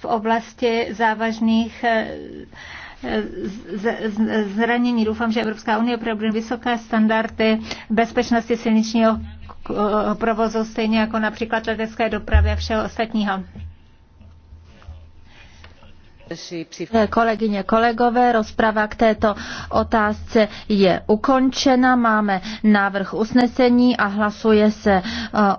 v oblasti závažných eh, eh, zranění. Doufám, že Evropská unie opravdu vysoké standardy bezpečnosti silničního eh, provozu, stejně jako například letecké dopravy a všeho ostatního. Kolegyně, kolegové, rozprava k této otázce je ukončena. Máme návrh usnesení a hlasuje se eh,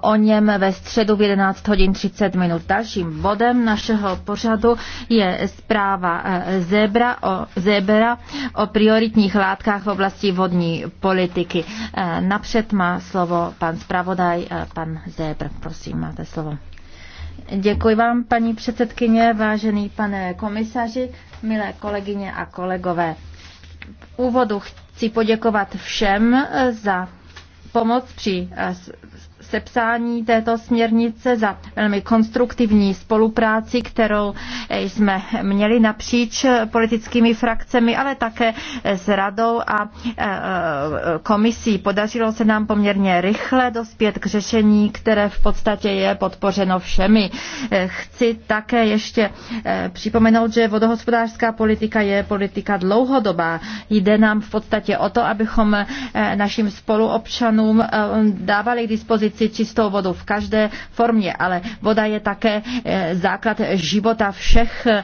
o něm ve středu v 11 hodin 30 minut. Dalším bodem našeho pořadu je zpráva eh, Zebra o, Zebra o prioritních látkách v oblasti vodní politiky. Eh, napřed má slovo pan zpravodaj, pan Zebr. Prosím, máte slovo. Děkuji vám, paní předsedkyně, vážený pane komisaři, milé kolegyně a kolegové. V úvodu chci poděkovat všem za pomoc při eh, sepsání této směrnice, za velmi konstruktivní spolupráci, kterou jsme měli napříč politickými frakcemi, ale také s radou a e, e, komisí. Podařilo se nám poměrně rychle dospět k řešení, které v podstatě je podpořeno všemi. E, chci také ještě připomenout, že vodohospodářská politika je politika dlouhodobá. Jde nám v podstatě o to, abychom našim spoluobčanům dávali k dispozici si čistou vodu v každé formě, ale voda je také eh, základ života všech eh,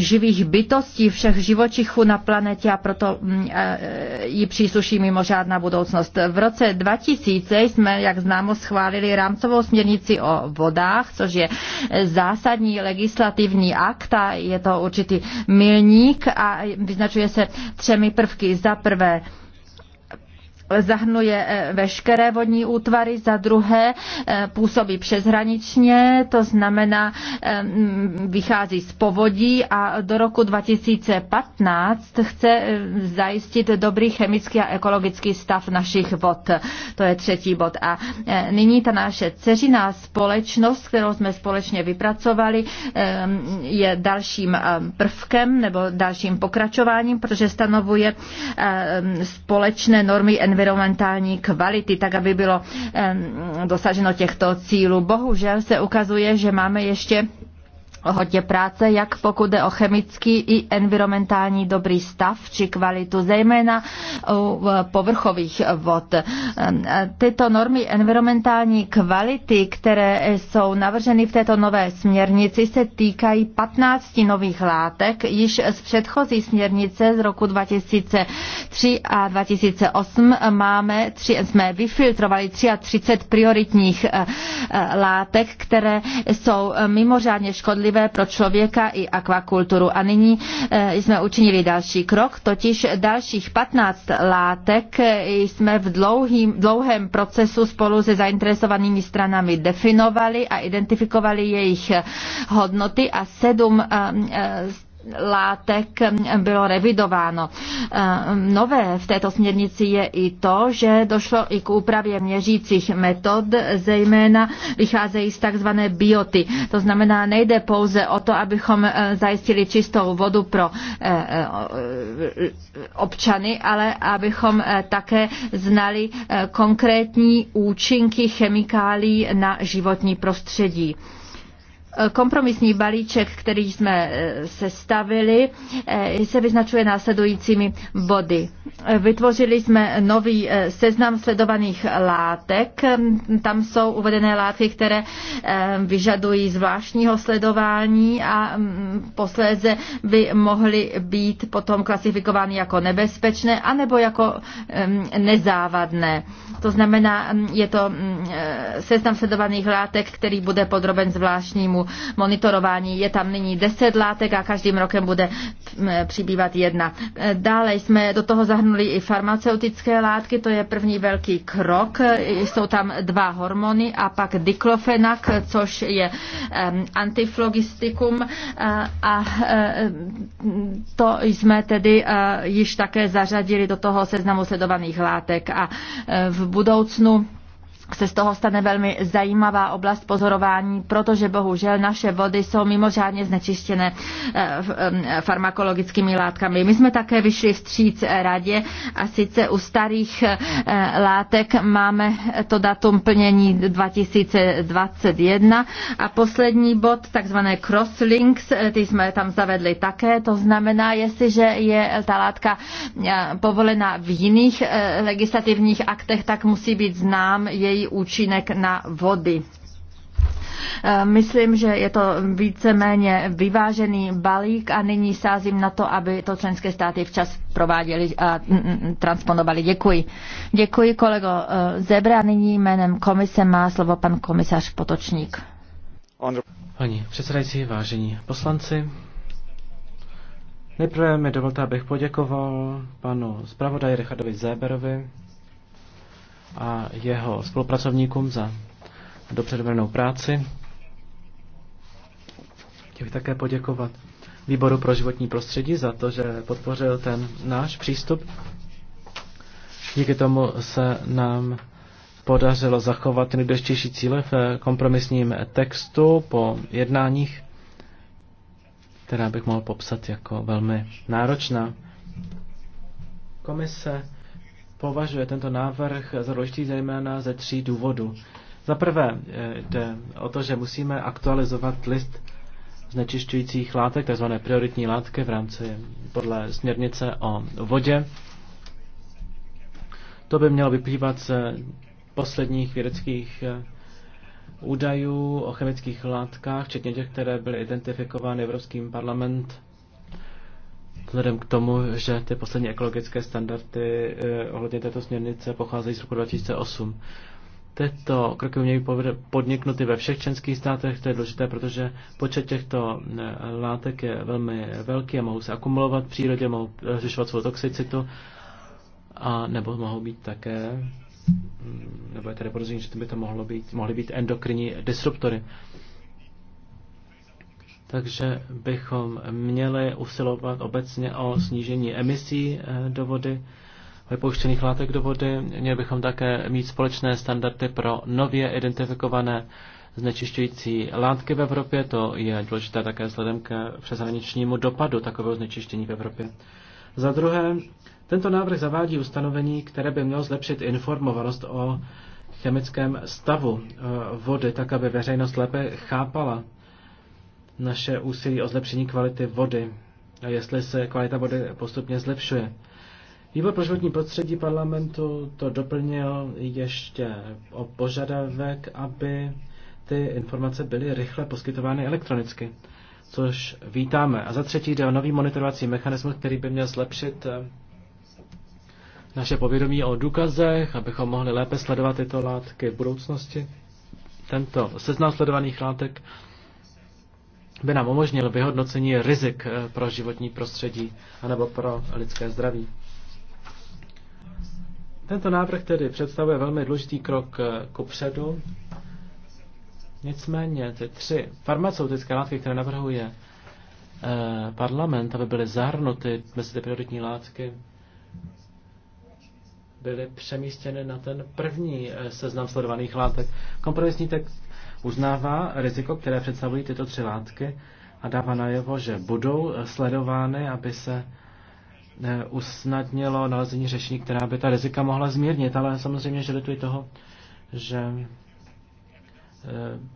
živých bytostí, všech živočichů na planetě a proto mm, eh, ji přísluší mimořádná budoucnost. V roce 2000 jsme, jak známo, schválili rámcovou směrnici o vodách, což je zásadní legislativní akt a je to určitý milník a vyznačuje se třemi prvky. Za prvé, zahnuje eh, veškeré vodní útvary, za druhé eh, působí přeshraničně, to znamená eh, mm, vychází z povodí a do roku 2015 chce zajistit dobrý chemický a ekologický stav našich vod. To je třetí bod. A nyní ta naše ceřiná společnost, kterou jsme společně vypracovali, je dalším prvkem nebo dalším pokračováním, protože stanovuje společné normy environmentální environmentální kvality, tak aby bylo dosaženo těchto cílů. Bohužel se ukazuje, že máme ještě hodně práce, jak pokud jde o chemický i environmentální dobrý stav či kvalitu, zejména u povrchových vod. Ehm, e, tyto normy environmentální kvality, které jsou navrženy v této nové směrnici, se týkají 15 nových látek, již z předchozí směrnice z roku 2003 a 2008 máme, tři, jsme vyfiltrovali 33 prioritních e, e, látek, které jsou mimořádně škodlivé škodlivé pro člověka i akvakulturu. A nyní eh, jsme učinili další krok, totiž dalších 15 látek eh, jsme v dlouhým, dlouhém procesu spolu se zainteresovanými stranami definovali a identifikovali jejich eh, hodnoty a sedm látek bylo revidováno. Eh, nové v této směrnici je i to, že došlo i k úpravě měřících metod, zejména vycházejí z takzvané bioty. To znamená, nejde pouze o to, abychom eh, zajistili čistou vodu pro eh, občany, ale abychom také znali konkrétní účinky chemikálí na životní prostředí. Kompromisní balíček, který jsme e, sestavili, e, se vyznačuje následujícími body. Vytvořili jsme nový e, seznam sledovaných látek. Tam jsou uvedené látky, které vyžadují zvláštního sledování a mm, posléze by mohly být potom klasifikovány jako nebezpečné anebo jako mm, nezávadné. To znamená, mm, je to seznam sledovaných látek, který bude podroben zvláštnímu monitorování. Je tam nyní deset látek a každým rokem bude přibývat jedna. Dále jsme do toho zahrnuli i farmaceutické látky, to je první velký krok. Jsou tam dva hormony a pak diklofenak, což je antiflogistikum a e, to jsme tedy e, již také zařadili do toho seznamu sledovaných látek a e, v budoucnu se z toho stane velmi zajímavá oblast pozorování, protože bohužel naše vody jsou mimořádně znečištěné eh, farmakologickými látkami. My jsme také vyšli vstříc radě a sice u starých eh, látek máme to datum plnění 2021 a poslední bod, takzvané crosslinks, eh, ty jsme tam zavedli také, to znamená, jestliže je ta látka povolena v jiných legislativních aktech, tak musí být znám její její účinek na vody. Eh, myslím, že je to víceméně vyvážený balík a nyní sázím na to, aby to členské státy včas prováděli a mm, mm, transponovali. Děkuji. Děkuji kolego eh, Zebra. Nyní jménem komise má slovo pan komisař Potočník. Paní předsedající, vážení poslanci, nejprve mi dovolte, abych poděkoval panu zpravodaji Richardovi Zéberovi a jeho spolupracovníkům za dobře dovedenou práci. Chtěl bych také poděkovat Výboru pro životní prostředí za to, že podpořil ten náš přístup. Díky tomu se nám podařilo zachovat nejdůležitější cíle v kompromisním textu po jednáních, která bych mohl popsat jako velmi náročná. Komise považuje tento návrh za důležitý zejména ze tří důvodů. Za prvé eh, jde o to, že musíme aktualizovat list znečišťujících látek, tzv. prioritní látky v rámci podle směrnice o vodě. To by mělo vyplývat z posledních vědeckých eh, údajů o chemických látkách, včetně těch, které byly identifikovány Evropským parlamentem Vzhledem k tomu, že ty poslední ekologické standardy eh, ohledně této směrnice pocházejí z roku 2008. Tyto kroky měly podniknuty ve všech členských státech, to je důležité, protože počet těchto eh, látek je velmi velký a mohou se akumulovat v přírodě, mohou řešovat svou toxicitu a nebo mohou být také, mm, nebo je tady podozření, že to by to mohlo být, mohly být endokrinní disruptory takže bychom měli usilovat obecně o snížení emisí eh, do vody, vypouštěných látek do vody. Měli bychom také mít společné standardy pro nově identifikované znečišťující látky v Evropě. To je důležité také vzhledem k přeshraničnímu dopadu takového znečištění v Evropě. Za druhé, tento návrh zavádí ustanovení, které by mělo zlepšit informovanost o chemickém stavu eh, vody, tak aby veřejnost lépe chápala naše úsilí o zlepšení kvality vody a jestli se kvalita vody postupně zlepšuje. Výbor pro životní prostředí parlamentu to doplnil ještě o požadavek, aby ty informace byly rychle poskytovány elektronicky, což vítáme. A za třetí jde o nový monitorovací mechanismus, který by měl zlepšit eh, naše povědomí o důkazech, abychom mohli lépe sledovat tyto látky v budoucnosti. Tento seznam sledovaných látek by nám umožnil vyhodnocení rizik eh, pro životní prostředí anebo pro lidské zdraví. Tento návrh tedy představuje velmi důležitý krok eh, ku předu. Nicméně ty tři farmaceutické látky, které navrhuje eh, parlament, aby byly zahrnuty mezi ty prioritní látky, byly přemístěny na ten první seznam sledovaných látek. Kompromisní text uznává riziko, které představují tyto tři látky a dává najevo, že budou sledovány, aby se eh, usnadnilo nalezení řešení, která by ta rizika mohla zmírnit, ale samozřejmě, že lituji toho, že eh,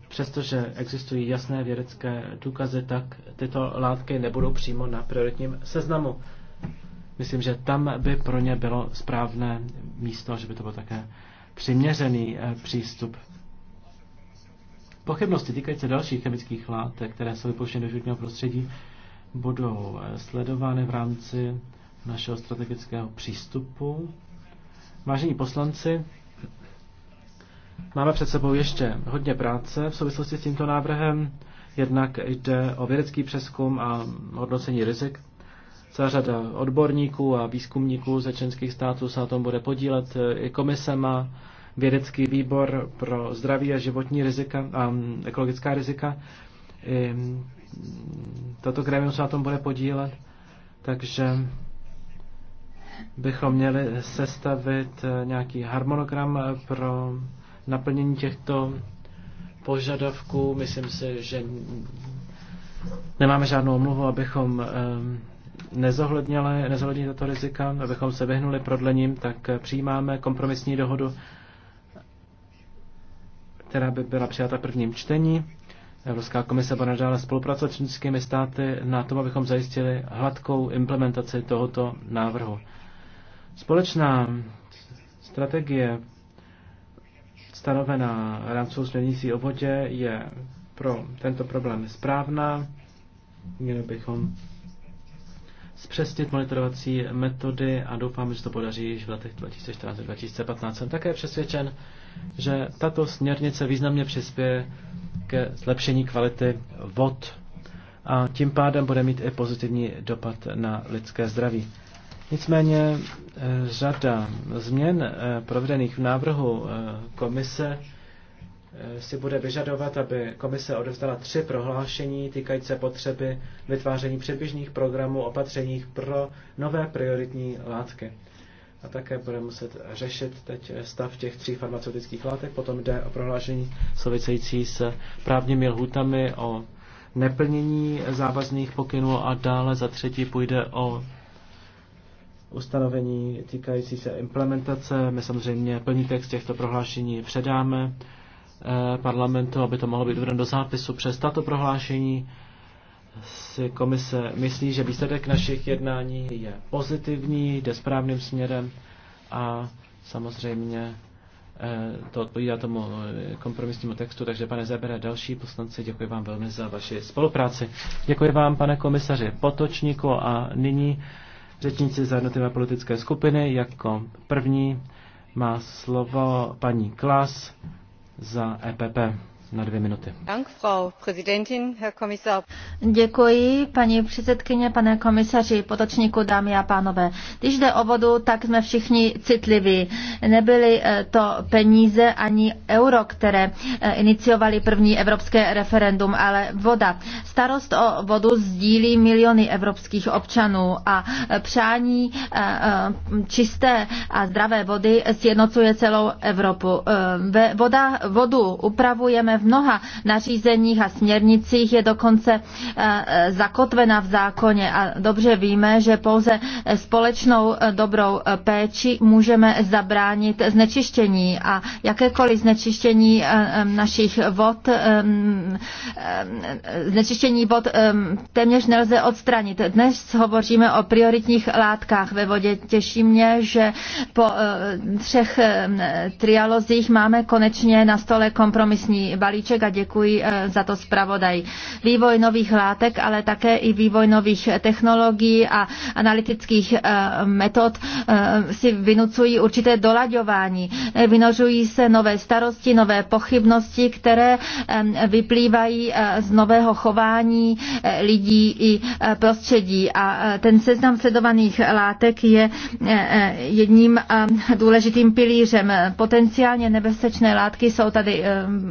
přestože existují jasné vědecké důkazy, tak tyto látky nebudou přímo na prioritním seznamu. Myslím, že tam by pro ně bylo správné místo, že by to byl také přiměřený eh, přístup. Pochybnosti týkající dalších chemických látek, které jsou vypouštěny do životního prostředí, budou eh, sledovány v rámci našeho strategického přístupu. Vážení poslanci, máme před sebou ještě hodně práce v souvislosti s tímto návrhem. Jednak jde o vědecký přeskum a hodnocení rizik. Celá řada odborníků a výzkumníků ze členských států se na tom bude podílet. Eh, I komise má vědecký výbor pro zdraví a životní rizika a mm, ekologická rizika. Mm, toto grémium se na tom bude podílet, takže bychom měli sestavit e, nějaký harmonogram pro naplnění těchto požadavků. Myslím si, že nemáme žádnou omluvu, abychom e, nezohlednili, nezohlednili tato rizika, abychom se vyhnuli prodlením, tak e, přijímáme kompromisní dohodu která by byla přijata prvním čtení. Evropská komise bude nadále spolupracovat s členskými státy na tom, abychom zajistili hladkou implementaci tohoto návrhu. Společná strategie stanovená rámcovou směrnicí o vodě je pro tento problém správná. Měli bychom zpřesnit monitorovací metody a doufám, že to podaří již v letech 2014-2015. Jsem také přesvědčen, že tato směrnice významně přispěje ke zlepšení kvality vod a tím pádem bude mít i pozitivní dopad na lidské zdraví. Nicméně eh, řada změn eh, provedených v návrhu eh, komise si bude vyžadovat, aby komise odevzdala tři prohlášení týkající potřeby vytváření předběžných programů opatřeních pro nové prioritní látky a také bude muset řešit teď stav těch tří farmaceutických látek. Potom jde o prohlášení související s právními lhutami o neplnění závazných pokynů a dále za třetí půjde o ustanovení týkající se implementace. My samozřejmě plný text těchto prohlášení předáme eh, parlamentu, aby to mohlo být uvedeno do zápisu přes tato prohlášení si komise myslí, že výsledek našich jednání je pozitivní, jde správným směrem a samozřejmě eh, to odpovídá tomu eh, kompromisnímu textu, takže pane Zebere, další poslanci, děkuji vám velmi za vaši spolupráci. Děkuji vám, pane komisaři Potočníku a nyní řečníci za jednotlivé politické skupiny. Jako první má slovo paní Klas za EPP na dvě minuty. Děkuji, paní předsedkyně, pane komisaři, potočníku, dámy a pánové. Když jde o vodu, tak jsme všichni citliví. Nebyly eh, to peníze ani euro, které eh, iniciovali první evropské referendum, ale voda. Starost o vodu sdílí miliony evropských občanů a eh, přání čisté a zdravé vody sjednocuje celou Evropu. Voda, vodu upravujeme v mnoha nařízeních a směrnicích je dokonce eh, zakotvena v zákoně a dobře víme, že pouze společnou eh, dobrou eh, péči můžeme zabránit znečištění a jakékoliv znečištění našich vod, znečištění vod téměř nelze odstranit. Dnes hovoříme o prioritních látkách ve vodě. Těší mě, že po třech trialozích máme konečně na stole kompromisní balíček balíček a děkuji eh, za to zpravodaj. Vývoj nových látek, ale také i vývoj nových technologií a analytických eh, metod eh, si vynucují určité dolaďování. Vynožují se nové starosti, nové pochybnosti, které vyplývají z nového chování lidí i prostředí. A ten seznam sledovaných látek je jedním důležitým pilířem. Potenciálně nebezpečné látky jsou tady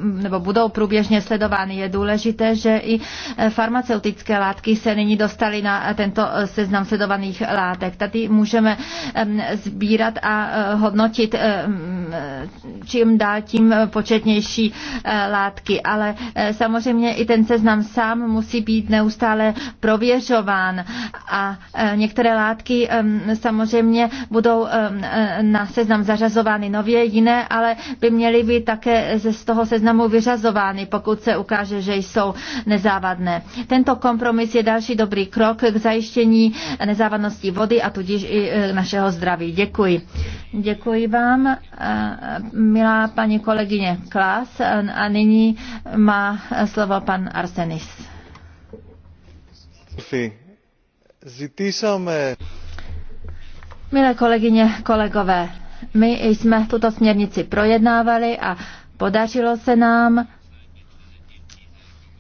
nebo budou průběžně sledovány. Je důležité, že i e, farmaceutické látky se nyní dostaly na e, tento e, seznam sledovaných látek. Tady můžeme sbírat a hodnotit čím dál tím početnější látky, ale samozřejmě i ten seznam sám musí být neustále prověřován a některé látky samozřejmě budou na seznam zařazovány nově, jiné ale by měly být také z toho seznamu vyřazovány zakazovány, pokud se ukáže, že jsou nezávadné. Tento kompromis je další dobrý krok k zajištění nezávadnosti vody a tudíž i e, našeho zdraví. Děkuji. Děkuji vám, e, milá paní kolegyně Klas. E, a nyní má slovo pan Arsenis. Milé kolegyně, kolegové, my jsme tuto směrnici projednávali a Podařilo se nám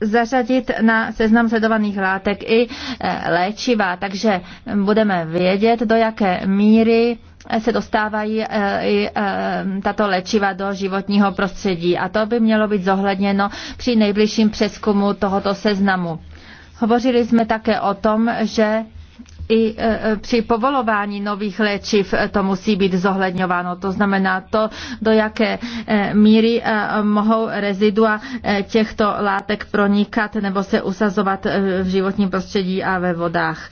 zařadit na seznam sledovaných látek i eh, léčiva, takže budeme vědět, do jaké míry se dostávají eh, i eh, tato léčiva do životního prostředí. A to by mělo být zohledněno při nejbližším přeskumu tohoto seznamu. Hovořili jsme také o tom, že i e, e, při povolování nových léčiv e, to musí být zohledňováno. To znamená to, do jaké míry mohou rezidua těchto látek pronikat nebo se usazovat v životním prostředí a ve vodách.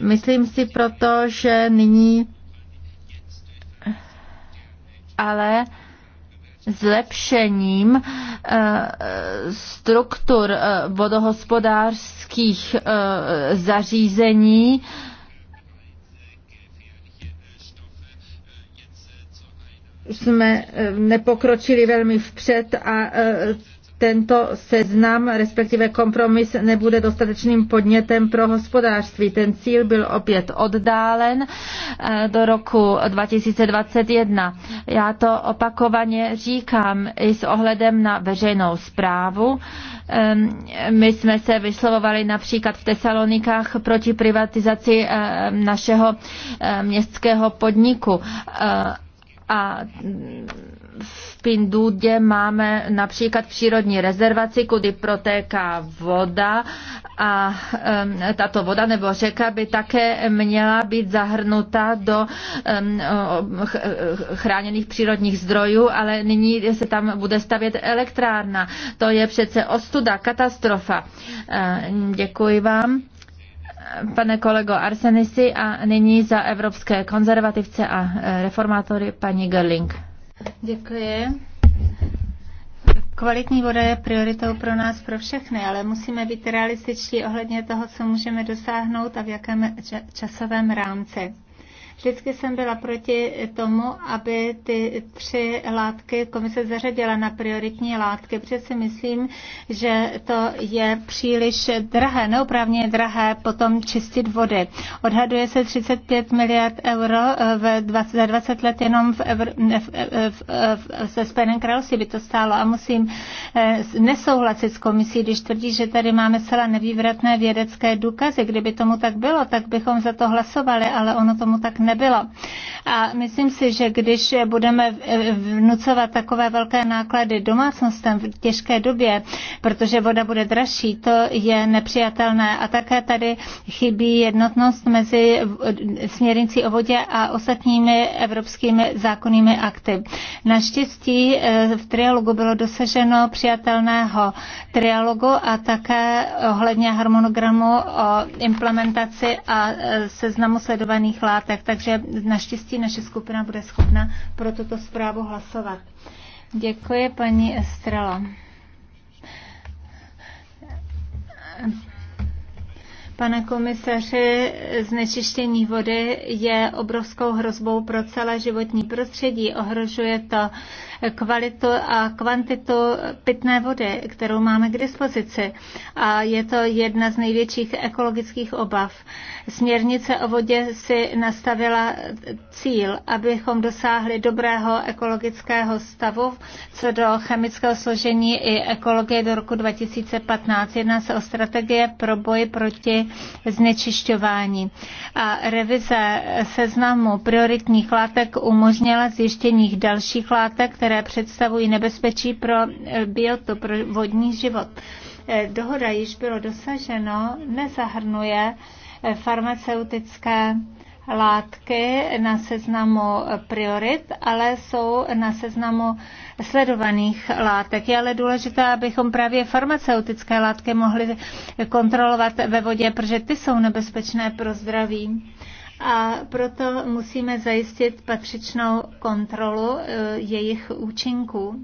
Myslím si proto, že nyní ale zlepšením eh, struktur eh, vodohospodářských eh, zařízení jsme nepokročili velmi vpřed a tento seznam, respektive kompromis, nebude dostatečným podnětem pro hospodářství. Ten cíl byl opět oddálen eh, do roku 2021. Já to opakovaně říkám i s ohledem na veřejnou zprávu. Ehm, my jsme se vyslovovali například v Tesalonikách proti privatizaci eh, našeho eh, městského podniku. A v Pindudě máme například přírodní rezervaci, kudy protéká voda a tato voda nebo řeka by také měla být zahrnuta do chráněných přírodních zdrojů, ale nyní se tam bude stavět elektrárna. To je přece ostuda, katastrofa. Děkuji vám pane kolego Arsenisi a nyní za evropské konzervativce a eh, reformátory paní Gerling. Děkuji. Kvalitní voda je prioritou pro nás, pro všechny, ale musíme být realističtí ohledně toho, co můžeme dosáhnout a v jakém časovém rámci. Vždycky jsem byla proti tomu, aby ty tři látky komise zařadila na prioritní látky, protože si myslím, že to je příliš drahé, neoprávně drahé potom čistit vody. Odhaduje se 35 miliard euro eh, v 20, za 20 let jenom v, Evr, v, eh, v, eh, v, se Spojeném království by to stálo a musím nesouhlasit s komisí, když tvrdí, že tady máme celá nevývratné vědecké důkazy. Kdyby tomu tak bylo, tak bychom za to hlasovali, ale ono tomu tak ne nebylo. A myslím si, že když budeme vnucovat takové velké náklady domácnostem v těžké době, protože voda bude dražší, to je nepřijatelné. A také tady chybí jednotnost mezi směrnicí o vodě a ostatními evropskými zákonnými akty. Naštěstí eh, v trialogu bylo dosaženo přijatelného trialogu a také ohledně harmonogramu o implementaci a eh, seznamu sledovaných látek. Takže takže naštěstí naše skupina bude schopna pro tuto zprávu hlasovat. Děkuji, paní Estrela. Pane komisaři, znečištění vody je obrovskou hrozbou pro celé životní prostředí. Ohrožuje to kvalitu a kvantitu pitné vody, kterou máme k dispozici. A je to jedna z největších ekologických obav. Směrnice o vodě si nastavila cíl, abychom dosáhli dobrého ekologického stavu co do chemického složení i ekologie do roku 2015. Jedná se o strategie pro boj proti znečišťování. A revize seznamu prioritních látek umožnila zjištění dalších látek, které které představují nebezpečí pro eh, bioto, pro vodní život. Eh, dohoda již bylo dosaženo, nezahrnuje eh, farmaceutické látky na seznamu priorit, ale jsou na seznamu sledovaných látek. Je ale důležité, abychom právě farmaceutické látky mohli kontrolovat ve vodě, protože ty jsou nebezpečné pro zdraví a proto musíme zajistit patřičnou kontrolu eh, jejich účinků.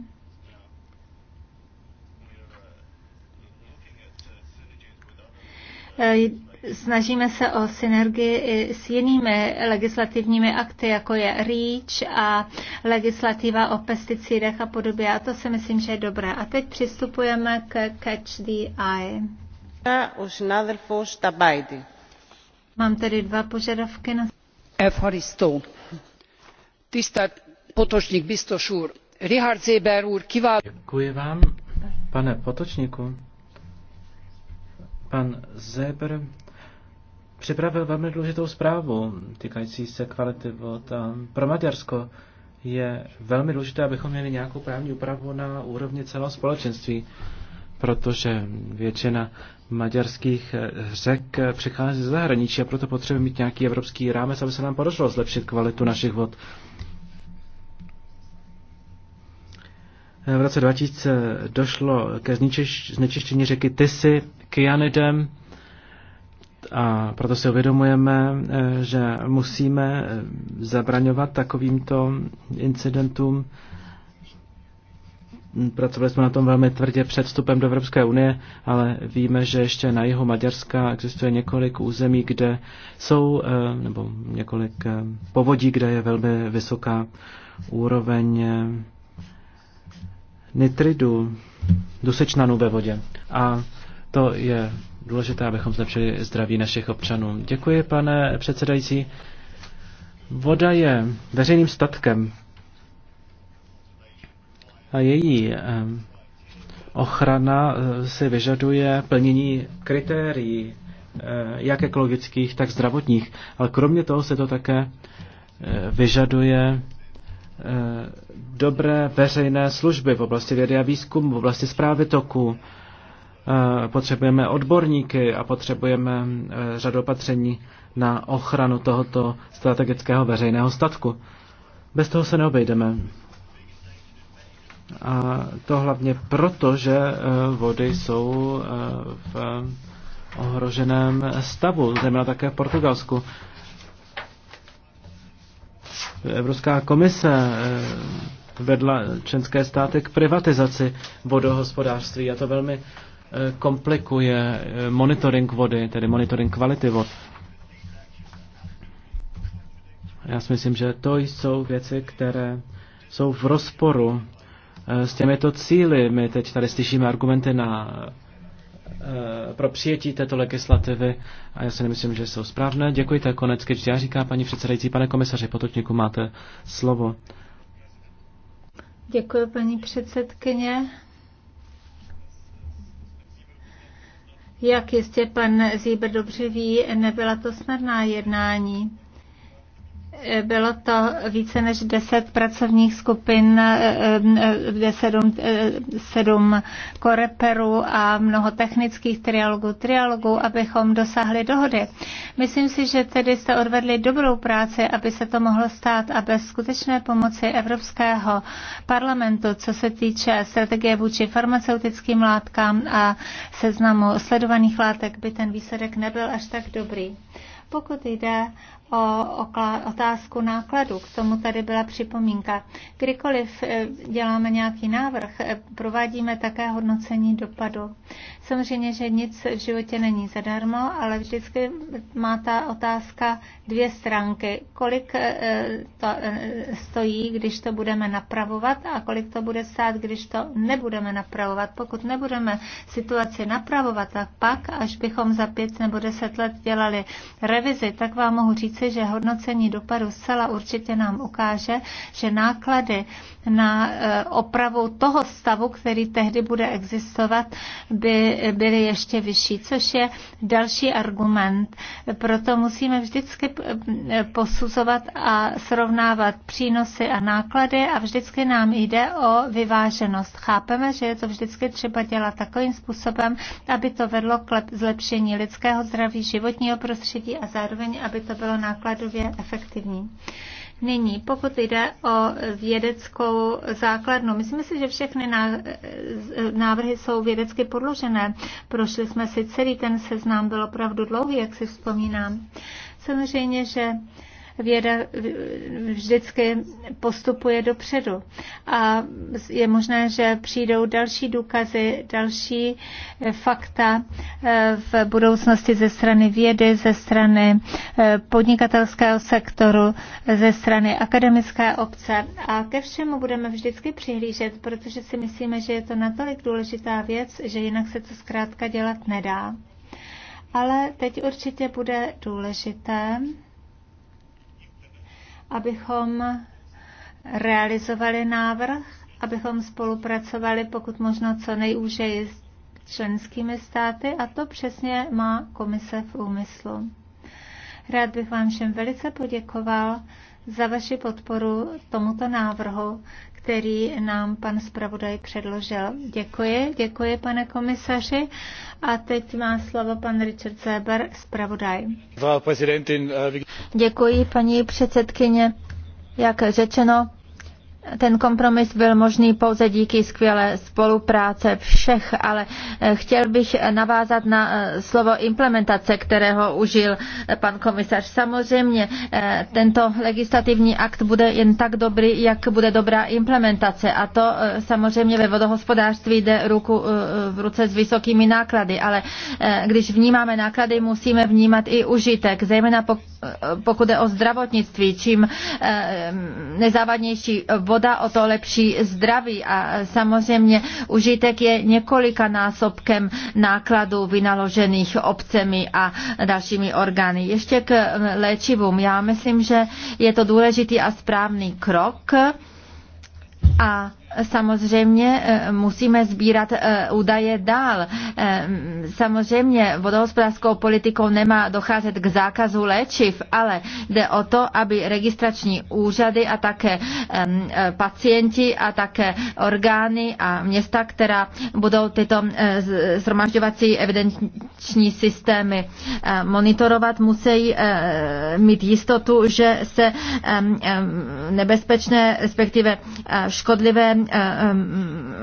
Eh, snažíme se o synergii i s jinými legislativními akty, jako je REACH a legislativa o pesticidech a podobně. A to si myslím, že je dobré. A teď přistupujeme k Catch the Eye. Mám tedy dva požadavky na... Evharisto. Tisztelt Potočník biztos úr. Richard Zéber úr kivál... Děkuji vám, pane Potočníku. Pan Zéber připravil velmi důležitou zprávu týkající se kvality vod. A pro Maďarsko je velmi důležité, abychom měli nějakou právní úpravu na úrovni celého společenství protože většina maďarských eh, řek eh, přichází ze zahraničí a proto potřebujeme mít nějaký evropský rámec, aby se nám podařilo zlepšit kvalitu našich vod. Eh, v roce 2000 došlo ke znečištění řeky Tisy kyanidem a proto si uvědomujeme, že musíme zabraňovat takovýmto incidentům. Pracovali jsme na tom velmi tvrdě před vstupem do Evropské unie, ale víme, že ještě na jihu Maďarska existuje několik území, kde jsou, eh, nebo několik eh, povodí, kde je velmi vysoká úroveň eh, nitridu, dusečnanů ve vodě. A to je důležité, abychom zlepšili zdraví našich občanů. Děkuji, pane předsedající. Voda je veřejným statkem a její ochrana eh, se vyžaduje plnění kritérií, eh, jak ekologických, tak zdravotních. Ale kromě toho se to také eh, vyžaduje dobré veřejné služby v oblasti vědy a výzkumu, v oblasti zprávy toku. Potřebujeme odborníky a potřebujeme řadu opatření na ochranu tohoto strategického veřejného statku. Bez toho se neobejdeme. A to hlavně proto, že e, vody jsou e, v ohroženém stavu, zejména také v Portugalsku. Evropská komise e, vedla členské státy k privatizaci vodohospodářství a to velmi komplikuje monitoring vody, tedy monitoring kvality vod. Já si myslím, že to jsou věci, které jsou v rozporu Eh, s těmito cíly. My teď tady slyšíme argumenty na, eh, pro přijetí této legislativy a já si nemyslím, že jsou správné. Děkuji, to je konec já říká paní předsedající. Pane komisaři Potočníku, máte slovo. Děkuji, paní předsedkyně. Jak jistě pan Zíber dobře ví, nebyla to snadná jednání. Bylo to více než 10 pracovních skupin, 7, eh, 7 eh, eh, koreperů a mnoho technických trialogů, trialogů, abychom dosáhli dohody. Myslím si, že tedy jste odvedli dobrou práci, aby se to mohlo stát a bez skutečné pomoci Evropského parlamentu, co se týče strategie vůči farmaceutickým látkám a seznamu sledovaných látek, by ten výsledek nebyl až tak dobrý. Pokud jde o otázku nákladu. K tomu tady byla připomínka. Kdykoliv e, děláme nějaký návrh, e, provádíme také hodnocení dopadu. Samozřejmě, že nic v životě není zadarmo, ale vždycky má ta otázka dvě stránky. Kolik e, to stojí, když to budeme napravovat a kolik to bude stát, když to nebudeme napravovat. Pokud nebudeme situaci napravovat, tak pak, až bychom za pět nebo deset let dělali revizi, tak vám mohu říct, říci, že hodnocení dopadu zcela určitě nám ukáže, že náklady na e, opravu toho stavu, který tehdy bude existovat, by byly ještě vyšší, což je další argument. Proto musíme vždycky e, posuzovat a srovnávat přínosy a náklady a vždycky nám jde o vyváženost. Chápeme, že je to vždycky třeba dělat takovým způsobem, aby to vedlo k zlepšení lidského zdraví, životního prostředí a zároveň, aby to bylo nákladově efektivní. Nyní, pokud jde o vědeckou základnu, myslím si, že všechny návrhy jsou vědecky podložené. Prošli jsme si celý ten seznam, byl opravdu dlouhý, jak si vzpomínám. Samozřejmě, že věda vždycky postupuje dopředu. A je možné, že přijdou další důkazy, další eh, fakta eh, v budoucnosti ze strany vědy, ze strany eh, podnikatelského sektoru, ze strany akademické obce. A ke všemu budeme vždycky přihlížet, protože si myslíme, že je to natolik důležitá věc, že jinak se to zkrátka dělat nedá. Ale teď určitě bude důležité, abychom realizovali návrh, abychom spolupracovali pokud možno co nejúžeji s členskými státy a to přesně má komise v úmyslu. Rád bych vám všem velice poděkoval za vaši podporu tomuto návrhu, který nám pan zpravodaj předložil. Děkuji, děkuji pane komisaři. A teď má slovo pan Richard Seber, zpravodaj. Äh, děkuji, paní předsedkyně. Jak řečeno, ten kompromis byl možný pouze díky skvělé spolupráce všech, ale eh, chtěl bych navázat na eh, slovo implementace, kterého užil eh, pan komisař. Samozřejmě tento legislativní akt bude jen tak dobrý, jak bude dobrá implementace. A to samozřejmě ve vodohospodářství jde ruku v ruce s vysokými náklady, ale když vnímáme náklady, musíme vnímat i užitek, zejména pokud je o zdravotnictví. Čím nezávadnější voda, voda, o to lepší zdraví a samozřejmě užitek je několika násobkem nákladů vynaložených obcemi a dalšími orgány. Ještě k léčivům. Já myslím, že je to důležitý a správný krok a Samozřejmě eh, musíme sbírat eh, údaje dál. Eh, samozřejmě vodohospodářskou politikou nemá docházet k zákazu léčiv, ale jde o to, aby registrační úřady a také pacienti a také orgány a města, která budou tyto zhromažďovací evidenční systémy monitorovat, musí mít jistotu, že se nebezpečné, respektive škodlivé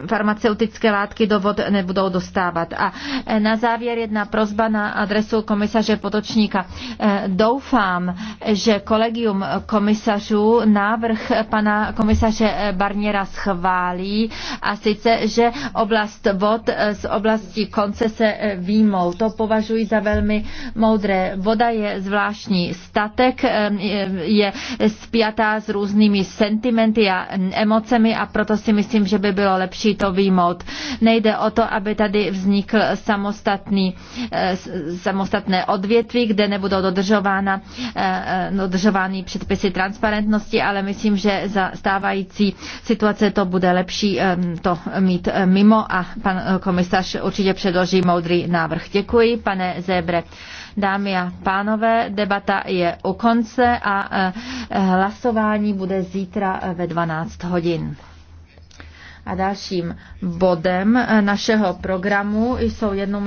farmaceutické látky do vod nebudou dostávat. A e, na závěr jedna prozba na adresu komisaře Potočníka. E, doufám, že kolegium komisařů návrh pana komisaře Barniera schválí a sice, že oblast vod z oblasti konce se výjmou. To považuji za velmi moudré. Voda je zvláštní statek, e, je spjatá s různými sentimenty a emocemi a proto si si myslím, že by bylo lepší to výmout. Nejde o to, aby tady vznikl samostatný, eh, samostatné odvětví, kde nebudou dodržována, eh, dodržovány předpisy transparentnosti, ale myslím, že za stávající situace to bude lepší ehm, to mít eh, mimo a pan komisař určitě předloží moudrý návrh. Děkuji, pane Zebre. Dámy a pánové, debata je u konce a hlasování bude zítra ve 12 hodin. A dalším bodem eh, našeho programu jsou minutu.